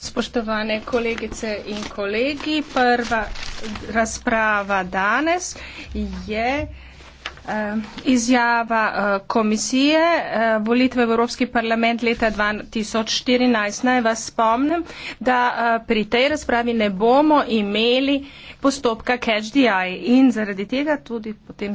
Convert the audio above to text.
Spoštovane kolegice in kolegi, prva razprava danes je eh, izjava eh, komisije eh, volitve v Evropski parlament leta 2014. Naj vas spomnim, da pri tej razpravi ne bomo imeli postopka catch the eye in zaradi tega tudi potem